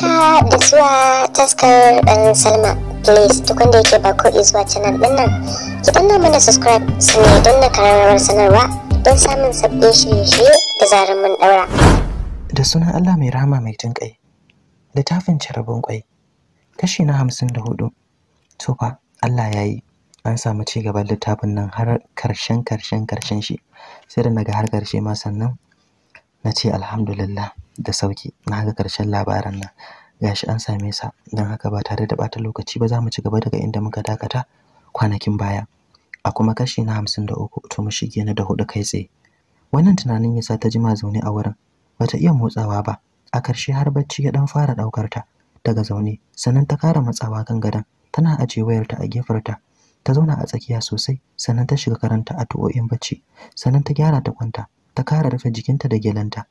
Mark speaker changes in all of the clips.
Speaker 1: haka da zuwa taskar dan salma please duk wanda yake ba ko zuwa canal din nan ki danna mana subscribe su ne don na kararrawar sanarwa don samun sabbin shirye-shirye da zarar mun daura da sunan allah mai rama mai jin kai littafin carabin kwai kashi na hamsin da hudu tofa allah ya yi an samu ci gaban littafin nan har karshen karshen karshen shi sai da naga har karshe ma sannan na ce alhamdulillah da sauki na ga karshen labaran nan gashi an same sa don haka ba tare da bata lokaci ba za mu ci gaba daga inda muka dakata kwanakin baya a kuma kashi na hamsin da uku to mu shige na da hudu kai tsaye wannan tunanin yasa ta jima zaune a wurin ba ta iya motsawa ba a karshe har bacci ya dan fara daukar ta daga zaune sannan ta kara matsawa kan gadon tana aje wayarta a gefarta ta zauna a tsakiya sosai sannan ta shiga karanta a tu'o'in bacci sannan ta gyara ta kwanta ta kara rufe jikinta da gelanta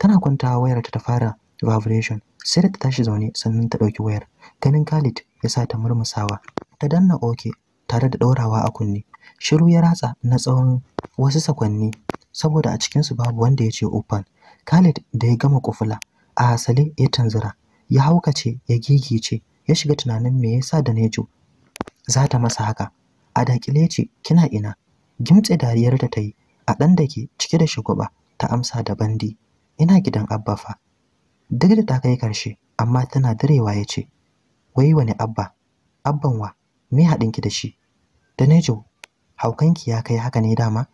Speaker 1: tana kwantawa wayar ta fara vibration sai da ta tashi zaune sannan ta ɗauki wayar ganin Khalid ya sa ta murmusawa ta danna oke tare da ɗaurawa a kunne shiru ya ratsa na tsawon wasu sakwanni saboda a cikin su babu wanda ya ce uffan Khalid da ya gama kufula a asali ya tanzura ya haukace ya gigice ya shiga tunanin me yasa da Nejo za ta masa haka a dakile ce kina ina gimtse dariyar ta yi a ɗan dake cike da shugaba ta amsa da bandi ina gidan abba fa duk da ta kai karshe amma tana direwa ya ce wai wani abba abban wa me ki da shi da nejo haukanki ya kai haka ne dama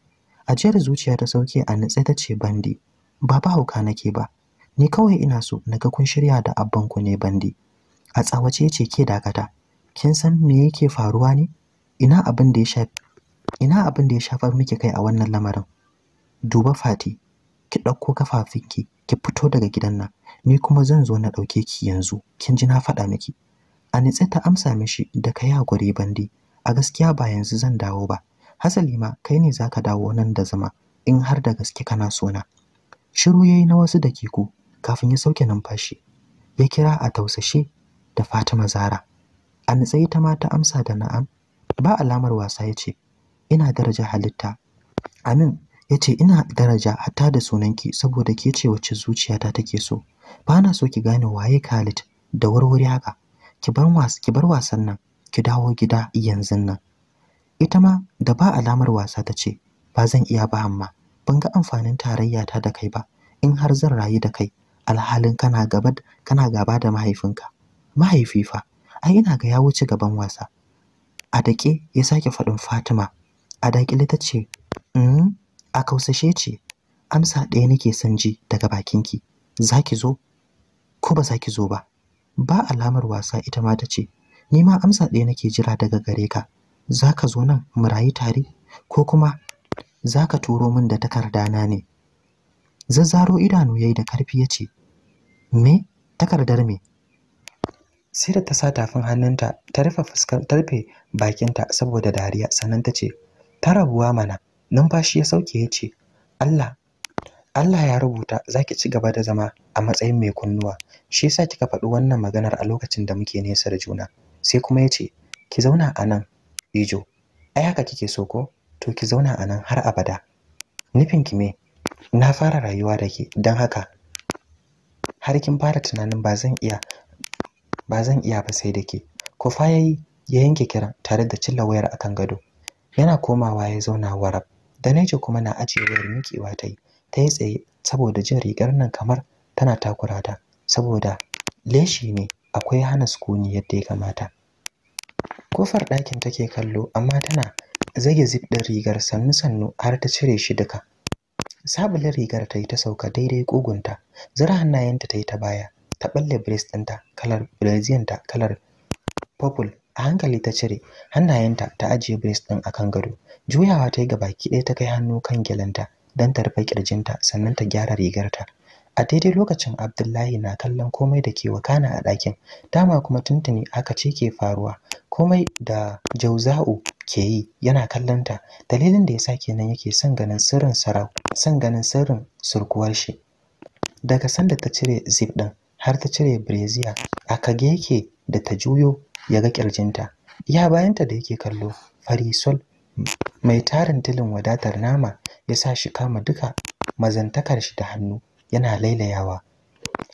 Speaker 1: A ajiyar zuciya ta sauke a nutsai ta ce bandi ba ba hauka nake ba ni kawai ina so naga kun shirya da abban ku ne bandi a tsawace ce ke dakata kin san me yake faruwa ne ina abin da ya shafi ina abin da ya shafar miki kai a wannan lamarin duba fati ki ɗauko kafafunki ki ki fito daga gidan nan ni kuma zan zo na ɗauke ki yanzu kin ji na faɗa miki a ta amsa mishi da ka ya gure bandi a gaskiya ba yanzu zan dawo ba hasali ma kai ne zaka dawo nan da zama in har da gaske kana na? shiru yayi na wasu dakiku kafin ya sauke numfashi ya kira a tausashe da Fatima Zara a ita ma ta amsa da na'am ba alamar wasa yace ina daraja halitta amin ya ce ina daraja hatta da sunanki saboda ke ce wacce zuciyata take so ba na so ki gane waye Khalid da warwari haka ki bar was ki bar wasan nan ki dawo gida yanzu nan ita ma da ba alamar wasa ta ce ba zan iya ba amma ban ga amfanin tarayya ta da kai ba in har zan rayu da kai alhalin kana gaba kana gaba da mahaifinka mahaifi fa ai ina ga ya wuce gaban wasa a dake ya sake faɗin Fatima a dakile ta ce mm a kausashe ce amsa ɗaya nake son ji daga bakinki za ki zo ko ba za ki zo ba ba alamar wasa ita ma ta ce ni ma amsa ɗaya nake jira daga gare ka za ka zo nan mu rayu tare ko kuma za ka turo min da takardana ne zazzaro idanu yayi da karfi ya ce me takardar me sai da ta sa tafin hannunta ta rufe ta rufe bakinta saboda dariya sannan ta ce ta rabuwa mana numfashi ya sauke ya ce Allah Allah ya rubuta zaki ci gaba da zama a matsayin mai kunnuwa shi yasa kika faɗi wannan maganar a lokacin da muke nesa da juna sai kuma ya ce ki zauna a nan Ijo ai haka kike so ko to ki zauna a nan har abada nufin ki me na fara rayuwa da ke don haka har kin fara tunanin ba zan iya ba zan iya ba sai da ke ko fa yayi ya yanke kiran tare da cilla wayar akan gado yana komawa ya zauna warab Danejo kuma na ajiye wayar mikewa ta yi ta yi tsaye saboda jin rigar nan kamar tana takura ta saboda leshi ne akwai hana sukuni yadda ya kamata kofar ɗakin take kallo amma tana zage zip ɗin rigar sannu sannu har ta cire shi duka sabulin rigar ta yi ta sauka daidai kugunta, zira hannayenta ta yi ta baya ta ɓalle breast ɗinta kalar brazilian ta kalar purple a hankali ta cire hannayenta ta ajiye brace din kan gado juyawa ta yi ga baki ɗaya ta kai hannu kan gilanta don ta rufe kirjinta sannan ta gyara rigarta a daidai lokacin abdullahi na kallon komai da ke wakana a ɗakin dama kuma tuntuni aka ce ke faruwa komai da jauza'u ke yi yana kallonta dalilin da ya sa kenan yake son ganin sirrin sarau son ganin sirrin surkuwar shi daga sanda ta cire zip din har ta cire brazier a kage yake da ta juyo ya ga kirjinta ya bayanta da yake kallo farisol mai tarin tilin wadatar nama ya sa shi kama duka mazantakar shi da hannu yana lailayawa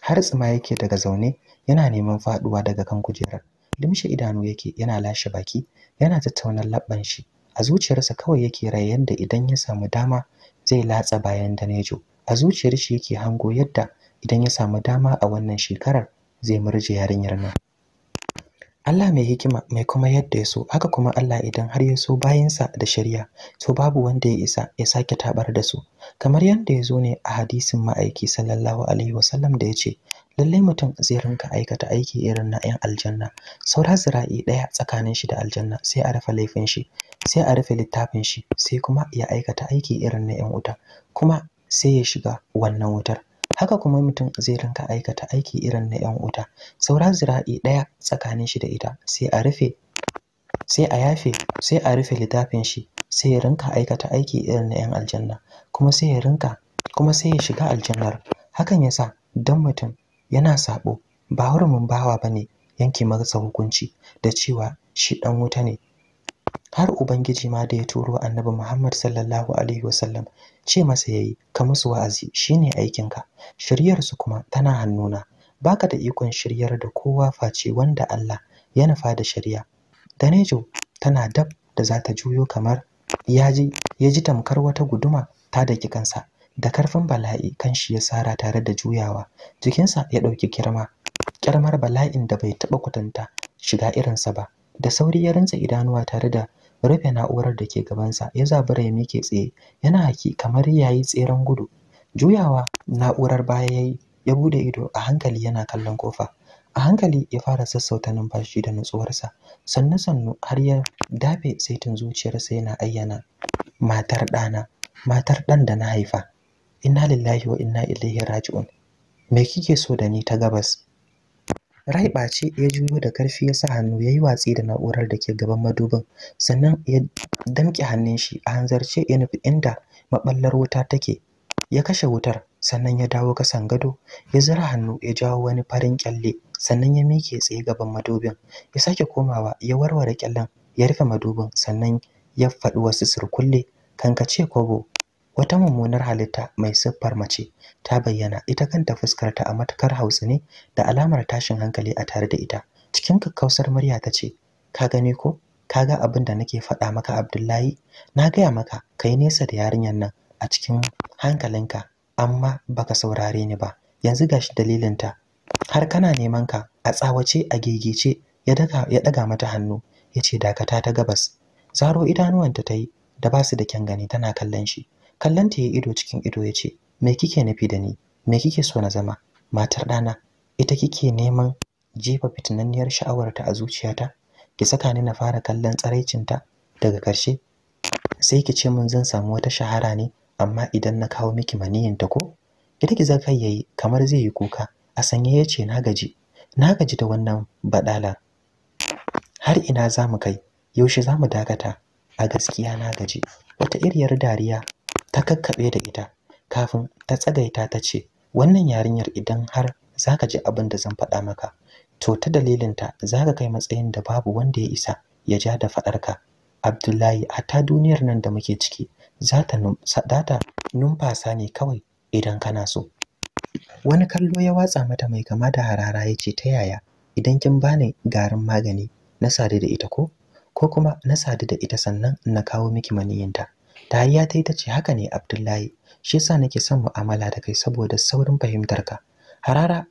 Speaker 1: har tsima yake daga zaune yana neman faduwa daga kan kujerar limshe idanu yake yana lashe baki yana tattaunar labban shi a zuciyarsa kawai yake raya da idan ya samu dama zai latsa bayan danejo a zuciyar shi yake hango yadda idan ya samu dama a wannan shekarar zai murje yarinyar nan Allah mai hikima mai kuma yadda ya so haka kuma Allah idan har ya so bayansa da shari'a to babu wanda ya isa ya sake tabar da su kamar yadda ya zo ne a hadisin ma'aiki sallallahu alaihi wasallam da ya ce lallai mutum zai rinka aikata aiki irin na 'yan aljanna saura zira'i ɗaya tsakanin shi da aljanna sai a rufe laifin shi sai a rufe littafin shi sai kuma ya aikata aiki irin na 'yan wuta kuma sai ya shiga wannan wutar haka kuma mutum zai rinka aikata aiki irin na yan wuta saura zira'i ɗaya tsakanin shi da ita sai a rufe sai a yafe sai a rufe littafin shi sai ya rinka aikata aiki irin na yan aljanna kuma sai ya rinka kuma sai ya shiga aljannar hakan yasa dan mutum yana sabo ba hurumin bawa bane yanki masa hukunci da cewa shi dan wuta ne har ubangiji ma da ya turo annabi Muhammad sallallahu alaihi wasallam ce masa yayi ka musu wa'azi shine aikinka shiryar su kuma tana hannuna baka da ikon shiryar da kowa face wanda Allah ya nufa da shari'a danejo tana dab da za ta juyo kamar yaji ya ji tamkar wata guduma ta daki kansa da karfin bala'i kan shi ya sara tare da juyawa jikinsa ya ɗauki kirma kirmar bala'in da bai taɓa kwatanta shiga irinsa ba da sauri ya rinsa idanuwa tare da rufe na'urar da ke gabansa ya zabura ya miƙe tsaye yana haki kamar ya yi tseren gudu juyawa na'urar baya yayi ya bude ido a hankali yana kallon kofa a hankali ya fara sassauta numfashi da nutsuwarsa sannu sannu har ya dafe saitin zuciyarsa yana ayyana matar ɗana matar ɗan da na haifa ina lillahi wa ina ilaihi raji'un me kike so da ni ta gabas Rai ce ya juyo da ƙarfi ya sa hannu ya yi watsi da na'urar da ke gaban madubin, sannan ya damƙe hannun shi a hanzarce ya nufi inda maɓallar wuta take. Ya kashe wutar, sannan ya dawo kasan gado, ya zira hannu ya jawo wani farin kyalle, sannan ya miƙe tsaye gaban madubin. Ya sake komawa ya warware kyallen, ya rufe madubin, sannan ya faɗi wasu surkulle, kankace kwabo wata mummunar halitta mai siffar mace ta bayyana ita kanta fuskarta a matukar hausa ne da alamar tashin hankali a tare da ita cikin kakkausar murya ta ce ka gani ko ka ga abin da nake faɗa maka abdullahi na gaya maka ka yi nesa da yarinyar nan a cikin hankalinka amma baka saurare ni ba yanzu gashi dalilinta har kana neman ka a tsawace a gegece ya daga mata hannu ya ce dakata ta gabas zaro idanuwanta ta yi da ba su da kyan gani tana kallon shi kallon ta ido cikin ido ya ce me kike nufi da ni me kike so na zama matar ɗana ita kike neman jefa fitinanniyar sha'awarta a zuciyata ki saka ni na fara kallon tsaraicinta daga ƙarshe sai ki ce mun zan samu wata shahara ne amma idan na kawo miki maniyinta ko ita ki zaka yayi kamar zai yi kuka a sanye ya ce na gaji na gaji da wannan badala har ina za mu kai yaushe za mu dakata a gaskiya na gaji wata iriyar dariya ta kakkaɓe da ita kafin ta tsagaita ta ce wannan yarinyar idan har zaka ji abin da zan faɗa maka to ta dalilinta zaka kai matsayin da babu wanda ya isa ya ja da faɗarka Abdullahi hatta duniyar nan da muke ciki za ta numfasa ne kawai idan kana so wani kallo ya watsa mata mai kama da harara ya ce ta yaya idan kin bani garin magani na sadu da ita ko ko kuma na sadu da ita sannan na kawo miki maniyinta Dariya ta yi ta ce haka ne Abdullahi, shi yasa nake son mu'amala da kai saboda saurin fahimtarka. Harara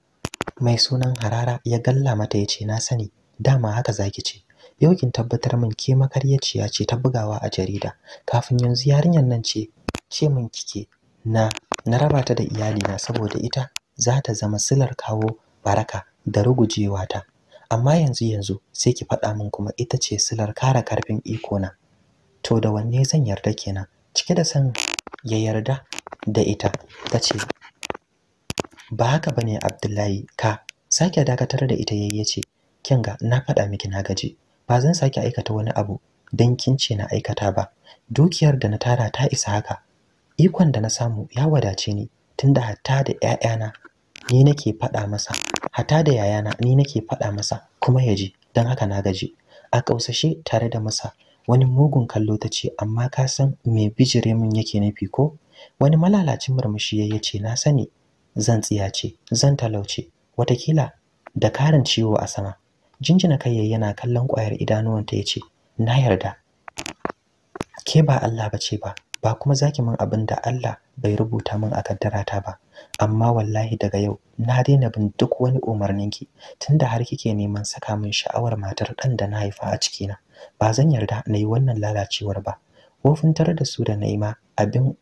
Speaker 1: mai sunan Harara ya galla mata ya ce na sani, dama haka zaki ce. Yau kin tabbatar min ke makaryaciya ce ta bugawa a jarida. Kafin yanzu yarinyar nan ce ce min kike na na raba ta da iyalina saboda ita za ta zama silar kawo baraka da rugujewa ta. Amma yanzu yanzu sai ki faɗa min kuma ita ce silar kare karfin iko na. to da wanne zan yarda kenan cike da san ya yarda da ita ta ce ba haka ba ne Abdullahi ka sake dakatar da ita ya ce ga na faɗa miki na gaji ba zan sake aikata wani abu don kin ce na aikata ba dukiyar da na tara ta isa haka ikon da na samu ya wadace ni tunda hatta da ƴaƴana ni nake faɗa masa hatta da yayana ni nake faɗa masa kuma ya ji, don haka na gaji a kausashe tare da masa wani mugun kallo ta ce amma ka san me bijire min yake nufi ko wani malalacin murmushi ya ce na sani zan tsiyace zan talauce watakila da karin ciwo a sama jinjina kai yana kallon ƙwayar idanuwanta ya ce na yarda ke ba Allah ba ce ba ba kuma zaki min abin da Allah bai rubuta min a kaddarata ba amma wallahi daga yau na daina bin duk wani umarnin ki tunda har kike neman saka min sha'awar matar dan da na haifa a cikina ba zan yarda na yi wannan lalacewar ba tare da su da na yi ma abin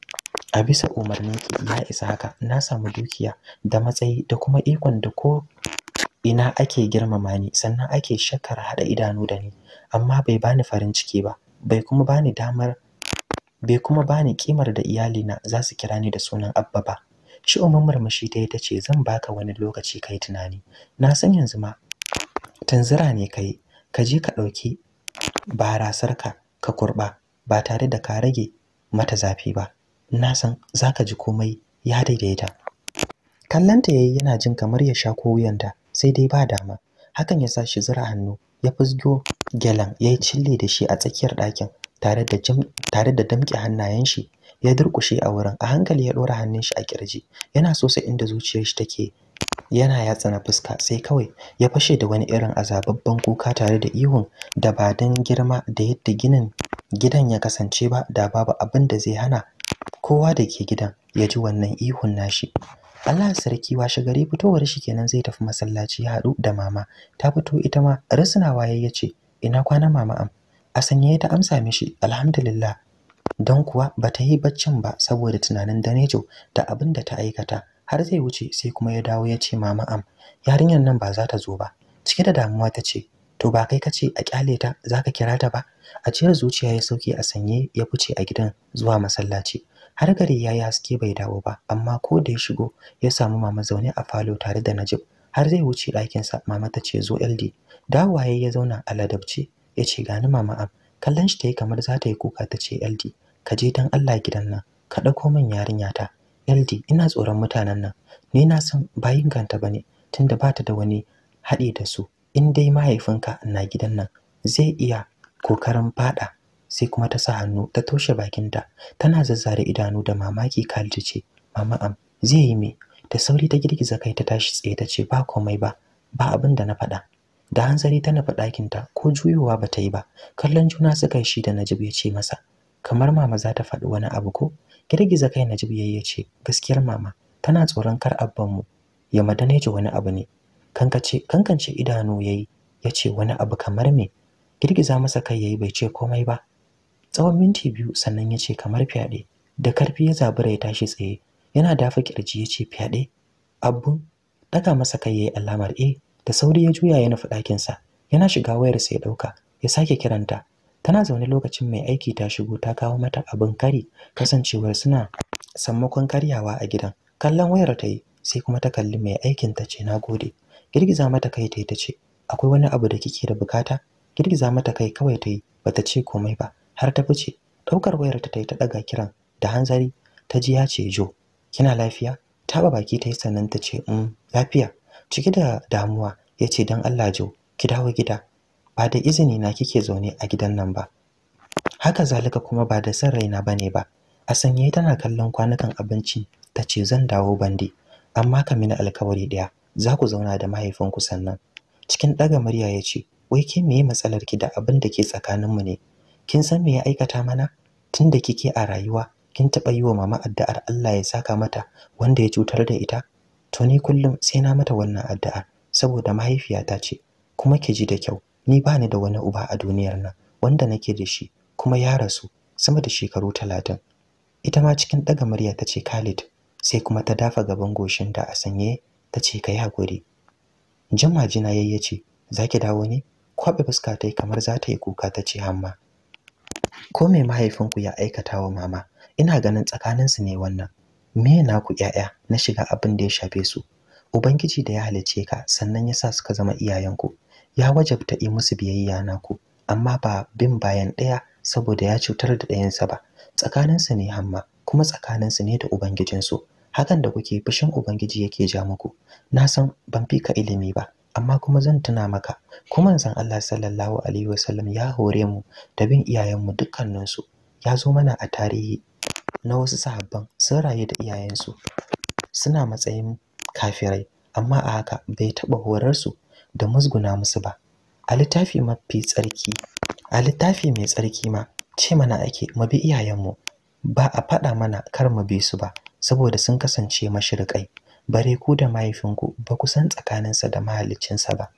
Speaker 1: a bisa umarnin ki ya isa haka na samu dukiya da matsayi da kuma ikon da ko ina ake girmama ni sannan ake shakkar hada idanu da ni amma bai bani farin ciki ba bai kuma bani damar bai kuma bani kimar da iyalina za su kira ni da sunan abba ba Ci umar murmushi ta yi ta ce zan baka wani lokaci kai tunani. Na san yanzu ma tanzira ne kai ka je ka ɗauki barasarka ka kurɓa ba tare da ka rage mata zafi ba. Na san za ka ji komai ya daidaita. Kallanta ya yi yana jin kamar ya sha ko wuyanta sai dai ba dama. Hakan ya sa shi zura hannu ya fusgo gyalan ya yi cille da shi a tsakiyar ɗakin tare da damƙe hannayen shi ya durkushe a wurin a hankali ya dora hannun shi a kirji yana so sai inda zuciyar shi take yana yatsa na fuska sai kawai ya fashe da wani irin azababban kuka tare da ihun da ba dan girma da yadda ginin gidan ya kasance ba da babu abin da zai hana kowa da ke gidan ya ji wannan ihun nashi Allah sarki washe gari fitowar shi kenan zai tafi masallaci ya haɗu da mama ta fito ita ma risnawa ya ce, ina kwana mama am a sanye ta amsa mishi alhamdulillah don kuwa ba ta yi baccin ba saboda tunanin Danejo da abin da ta aikata har zai wuce sai kuma ya dawo ya ce mama am yarinyar nan ba za ta zo ba cike da damuwa ta ce to ba kai ka ce a kyale ta za ka kira ta ba a ciyar zuciya ya sauke a sanye ya fice a gidan zuwa masallaci har gari ya yi haske bai dawo ba amma ko da ya shigo ya samu mama zaune a falo tare da Najib har zai wuce ɗakinsa mama ta ce zo LD dawaye ya zauna a ladabci ya ce gani mama am kallon shi ta yi kamar za ta yi kuka ta ce LD ka je don Allah gidan nan ka ɗauko min yarinyata, ta LD ina tsoron mutanen nan ni na san ba inganta bane tunda ba ta da wani haɗi da su in dai mahaifinka na gidan nan zai iya kokarin faɗa, sai kuma ta sa hannu ta toshe bakinta tana zazzare idanu da mamaki Khalid ce mama am zai yi me da sauri ta girgiza kai ta tashi tsaye ta ce ba komai ba ba abin da na faɗa da hanzari ta na ɗakinta ko juyowa ba ta yi ba kallon juna suka yi shi da najib ya ce masa kamar mama za ta faɗi wani abu ko girgiza kai najib yayi ya ce gaskiyar mama tana tsoron kar abban mu ya ji wani abu ne kankace kankance idanu yayi ya ce wani abu kamar me girgiza masa kai yayi bai ce komai ba tsawon minti biyu sannan ya ce kamar fyaɗe da karfi ya zabura ya tashi tsaye yana dafa kirji ya ce fyaɗe abun daga masa kai yayi alamar e da sauri ya juya ya nufi ɗakinsa yana shiga wayarsa ya ɗauka ya sake kiranta tana zaune lokacin mai aiki ta shigo ta kawo mata abin kari kasancewar suna sammakon karyawa a gidan kallon wayar ta yi sai kuma ta kalli mai aikin ta ce nagode girgiza mata kai ta yi ta ce akwai wani abu da kike da bukata girgiza mata kai kawai ta yi ta ce komai ba har ta fice Ɗaukar wayar ta ta yi ta daga kiran da hanzari ta ji ya ce jo kina lafiya ta ba baki ta yi sannan ta ce mm, lafiya ciki da damuwa ya ce don Allah jo ki dawo gida ba da izini na kike zaune a gidan nan ba haka zalika kuma ba da san raina bane ba a sanye tana kallon kwanukan abinci ta ce zan dawo bande amma ka mini alkawari daya za ku zauna da mahaifinku sannan cikin ɗaga murya ya ce wai ke meye matsalar ki da abin da ke tsakaninmu ne kin san me ya aikata mana tun da kike a rayuwa kin taɓa yi wa mama addu'ar Allah ya saka mata wanda ya cutar da ita to ni kullum sai na mata wannan addu'ar saboda mahaifiyata ce kuma ki ji da kyau ni ba ni da wani uba a duniyar nan wanda nake da shi kuma ya rasu sama da shekaru talatin ita ma cikin ɗaga murya ta ce khalid sai kuma ta dafa gaban goshin da a sanye ta ce ka yi haƙuri Jin majina yayye ce za ki dawo ne kwaɓe fuska ta yi kamar za ta yi kuka ta ce hamma ko me mahaifinku ya aikata wa mama ina ganin tsakaninsu ne wannan me na ku 'ya'ya na shiga abin da ya shafe su ubangiji da ya halicce ka sannan ya sa suka zama iyayenku ya wajabta yi musu biyayya na ku, amma ba bin bayan ɗaya saboda ya cutar da ɗayansa ba tsakaninsu ne hamma kuma tsakaninsu ne da ubangijinsu hakan da kuke fushin ubangiji yake ja muku na san ban fi ka ilimi ba amma kuma zan tuna maka kuma zan Allah sallallahu alaihi wasallam ya hore mu da bin iyayenmu dukkaninsu ya zo mana a tarihi na wasu sahabban sun raye da iyayensu suna matsayin kafirai amma a haka bai taɓa horarsu da musguna musu ba a littafi mafi tsarki a littafi mai tsarki ma ce mana ake mu bi iyayenmu ba a faɗa mana kar mu bi su ba saboda sun kasance mashirƙai, bare ku da mahaifinku ba ku san tsakaninsa da mahaliccinsa ba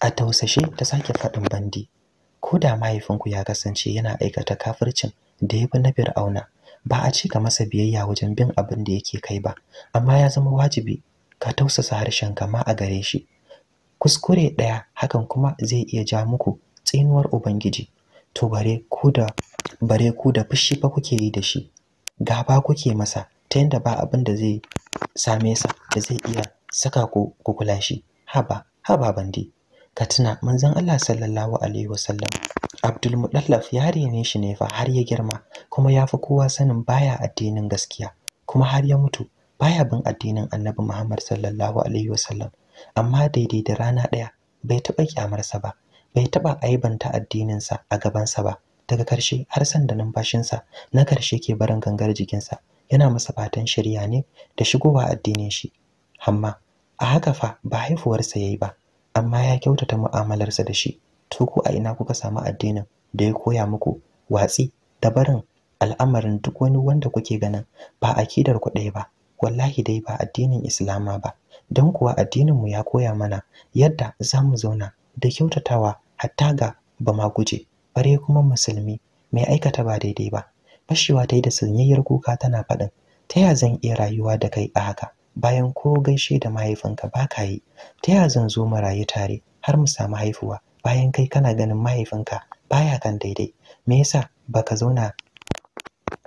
Speaker 1: a tausashe ta sake faɗin bandi ko da mahaifinku ya kasance yana aikata kafircin da ya fi na fir'auna ba a ka masa biyayya wajen bin abin da yake kai ba amma ya zama wajibi ka tausasa harshen kama a gare shi kuskure ɗaya hakan kuma zai iya ja muku tsinuwar ubangiji to bare ku da bare ku da fushi fa kuke yi da shi gaba kuke masa ta yadda ba abin da zai same sa da zai iya saka ku kukula shi haba haba bandi ka tuna manzon Allah sallallahu alaihi wasallam Abdul Mudallaf ya rene shi ne fa har ya girma kuma ya fi kowa sanin baya addinin gaskiya kuma har ya mutu baya bin addinin Annabi Muhammad sallallahu alaihi wasallam amma daidai da rana ɗaya bai taɓa kyamarsa ba bai taɓa aibanta addininsa a gabansa ba daga ƙarshe har sanda numfashinsa na ƙarshe ke barin gangar jikinsa yana masa fatan shirya ne da shigowa addinin shi amma a haka fa ba haifuwarsa ya yi ba amma ya kyautata mu'amalarsa da shi to ko a ina kuka samu addinin da ya koya muku watsi da barin al'amarin duk wani wanda kuke ganin ba akidar ku ɗaya ba wallahi dai ba addinin islama ba don kuwa addininmu ya koya mana yadda za mu zauna da kyautatawa hatta ga ba ma guje bare kuma musulmi mai aikata ba daidai ba fashewa ta yi da sanyayyar kuka tana faɗin ta ya zan iya rayuwa da kai a haka bayan ko gaishe da mahaifinka ba ka yi ta ya zan zo mu rayu tare har mu samu haifuwa bayan kai kana ganin mahaifinka baya kan daidai me yasa ka zauna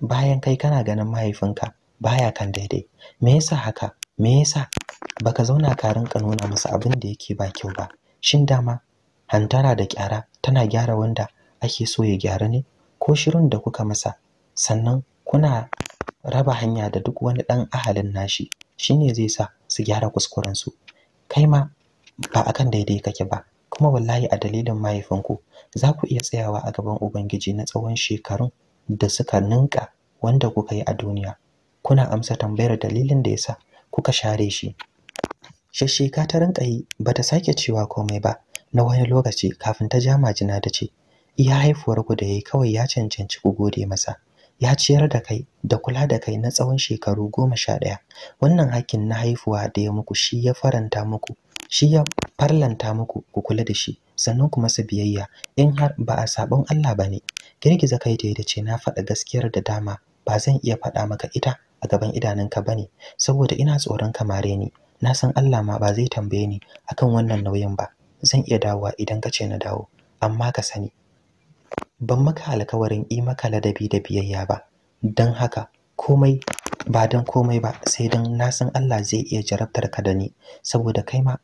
Speaker 1: bayan kai kana ganin mahaifinka baya kan daidai me yasa haka me yasa baka zauna ka rinka nuna masa abin da yake ba kyau ba shin dama hantara da kyara tana gyara wanda ake so ya gyara ne ko shirin da kuka masa sannan kuna raba hanya da duk wani dan ahalin nashi shine zai sa su gyara kuskuren su kai ma ba akan daidai kake ba kuma wallahi a dalilin mahaifinku za ku iya tsayawa a gaban ubangiji na tsawon shekarun da suka ninka wanda kuka yi a duniya kuna amsa tambayar dalilin da yasa kuka share shi shasheka ta rinka yi bata sake cewa komai ba na wani lokaci kafin ta ja jina da ce iya haifuwar ku da yayi kawai ya cancanci ku gode masa ya ciyar da kai da kula da kai na tsawon shekaru goma sha ɗaya wannan hakkin na haifuwa da ya muku shi ya faranta muku shi ya farlanta muku ku kula da shi sannan ku masa biyayya in har ba a sabon Allah ba ne girgiza kai da ya ce na faɗa gaskiyar da dama ba zan iya faɗa maka ita a gaban idanunka bane saboda ina tsoron kamare ni na san Allah ma ba zai tambaye ni akan wannan nauyin ba zan iya dawowa idan ka ce na dawo amma ka sani ban maka alkawarin yi maka ladabi da biyayya ba don haka komai ba don komai ba sai don na san Allah zai iya jarabtar ka da ni saboda kai ma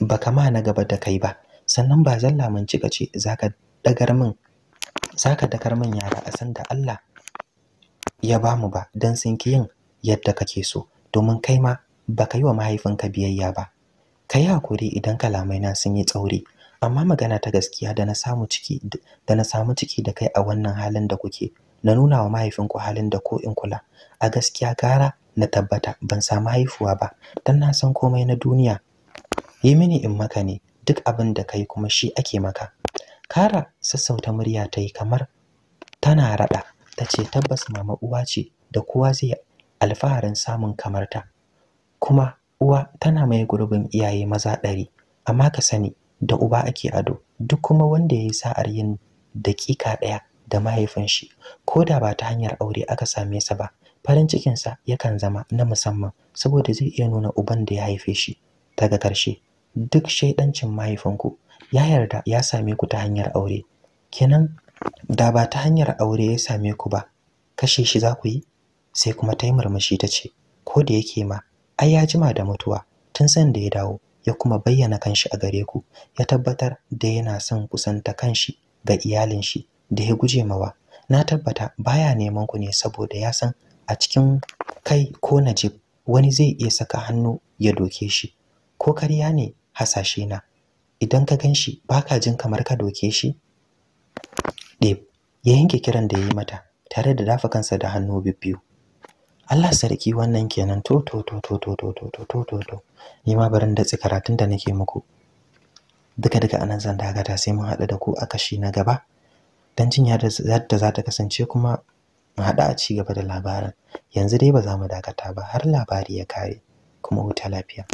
Speaker 1: baka ma na gaba da kai ba sannan ba zan lamunci ka ce zaka dagar min zaka dakar min yara a san da Allah ya bamu ba don sun ki yin yadda kake so domin kai ma ba ka yi wa mahaifinka biyayya ba ka yi hakuri idan kalamai na sun yi tsauri amma magana ta gaskiya da na samu ciki da na samu ciki da kai a wannan halin da kuke na nuna wa mahaifinku halin da ko in kula a gaskiya gara na tabbata ban samu haifuwa ba dan na san komai na duniya yi mini in maka ne duk abin da kai kuma shi ake maka kara sassauta murya ta yi kamar tana raɗa. ta ce tabbas mama uwa ce da kowa zai alfaharin samun kamar ta kuma uwa tana mai gurbin iyaye maza ɗari amma ka sani da uba ake ado duk kuma wanda ya yi sa'ar yin daƙiƙa ɗaya da mahaifin shi ko da ba ta hanyar aure aka same sa ba farin cikinsa yakan zama na musamman saboda zai iya nuna uban da ya haife shi daga ƙarshe duk shaidancin mahaifinku ya yarda ya same ku ta hanyar aure kenan da ba ta hanyar aure ya same ku ba kashe shi za ku yi sai kuma ta yi murmushi ta ce ko da yake ma ai ya jima da mutuwa tun san da ya dawo ya kuma bayyana kanshi a gare ku ya tabbatar da yana son kusanta kanshi ga iyalin shi da ya guje mawa na tabbata baya neman ku ne saboda ya san a cikin kai ko najib wani zai iya saka hannu ya doke shi ko karya ne hasashe na idan ka gan shi baka jin kamar ka doke shi ɗeb ya yanke kiran da ya yi mata tare da dafa kansa da hannu biyu-biyu. Allah sarki wannan kenan to to to to to to to to to to ni ma barin da karatun da nake muku duka duka anan zan dagata sai mun haɗu da ku a kashi na gaba dan jin yadda za ta kasance kuma mu haɗu a ci gaba da labarin yanzu dai ba za mu dakata ba har labari ya kare kuma wuta lafiya